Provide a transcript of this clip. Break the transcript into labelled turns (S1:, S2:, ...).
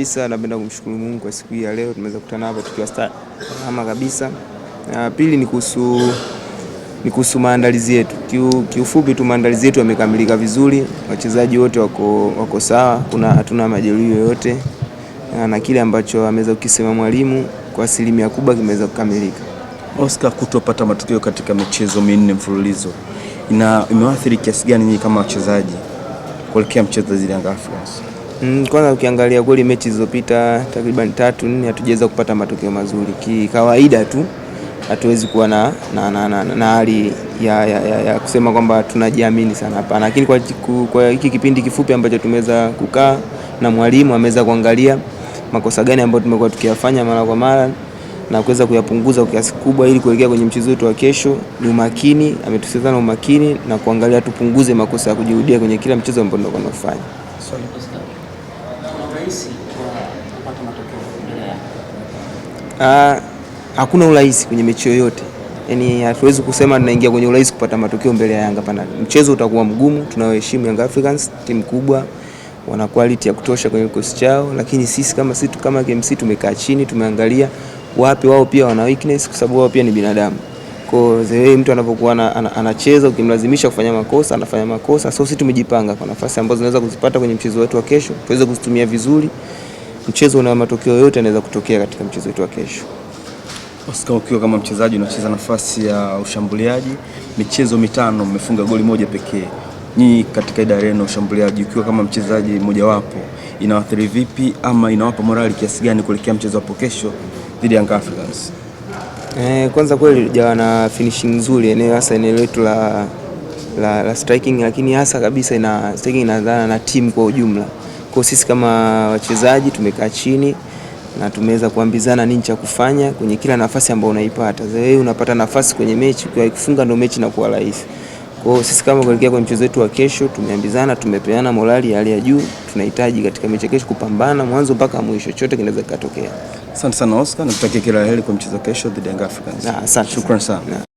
S1: kabisa. Napenda kumshukuru Mungu kwa siku hii ya leo, tumeweza kukutana hapa tukiwa salama kabisa. Na pili ni kuhusu ni kuhusu maandalizi yetu. Kiufupi tu maandalizi yetu yamekamilika vizuri, wachezaji wote wako, wako sawa, kuna hatuna majeruhi yoyote, na kile ambacho ameweza kukisema mwalimu kwa asilimia kubwa kimeweza kukamilika.
S2: Oscar, kutopata matokeo katika michezo minne mfululizo ina imewaathiri kiasi gani nyinyi kama wachezaji kuelekea mchezo dhidi ya Africans?
S1: Mm, kwanza ukiangalia kweli mechi zilizopita takriban tatu nne hatujaweza kupata matokeo mazuri. Kikawaida tu hatuwezi kuwa na na, na, na, na na hali ya, ya, ya, ya kusema kwamba tunajiamini sana hapana, lakini kwa, kwa hiki kipindi kifupi ambacho tumeweza kukaa na mwalimu ameweza kuangalia makosa gani ambayo tumekuwa tukiyafanya mara kwa mara na kuweza kuyapunguza kwa kiasi kubwa ili kuelekea kwenye mchezo wetu wa kesho. Ni umakini, ametusisitiza na umakini na kuangalia tupunguze makosa ya kujirudia kwenye kila mchezo ambao tunakuwa tunafanya. uh, hakuna urahisi kwenye mechi yoyote. Yaani hatuwezi kusema tunaingia kwenye urahisi kupata matokeo mbele ya Yanga pana. Mchezo utakuwa mgumu, tunaoheshimu Young Africans, timu kubwa, wana quality ya kutosha kwenye kikosi chao, lakini sisi kama sisi kama KMC tumekaa chini, tumeangalia wapi wao pia wana weakness kwa sababu wao pia ni binadamu. Kwa hiyo mtu anapokuwa anacheza ukimlazimisha kufanya makosa, anafanya makosa. So sisi tumejipanga kwa nafasi ambazo zinaweza kuzipata kwenye mchezo wetu wa kesho, tuweze kuzitumia vizuri mchezo una matokeo yote yanaweza kutokea katika mchezo wetu wa kesho.
S2: Oscar, ukiwa kama mchezaji unacheza nafasi ya ushambuliaji, michezo mitano mmefunga goli moja pekee. Nyinyi katika idara yenu ya ushambuliaji, ukiwa kama mchezaji mmojawapo, inawathiri vipi ama inawapa morali kiasi gani kuelekea mchezo wapo kesho dhidi ya Young Africans?
S1: Eh, kwanza kweli jawa na finishing nzuri eneo hasa eneo letu la, la, la striking, lakini hasa kabisa ina striking inadhana na team kwa ujumla kwa sisi kama wachezaji tumekaa chini na tumeweza kuambizana nini cha kufanya kwenye kila nafasi ambayo unaipata. Wewe unapata nafasi kwenye mechi, ukiwahi kufunga ndio mechi inakuwa rahisi. Kwa hiyo sisi kama kuelekea kwenye mchezo wetu wa kesho, tumeambizana, tumepeana morali ya hali ya juu. Tunahitaji katika mechi ya kesho kupambana mwanzo mpaka mwisho, chote kinaweza kikatokea.
S2: Asante sana Oscar, nakutakia kila la heri kwa mchezo kesho dhidi ya Africans. Asante. Shukrani sana.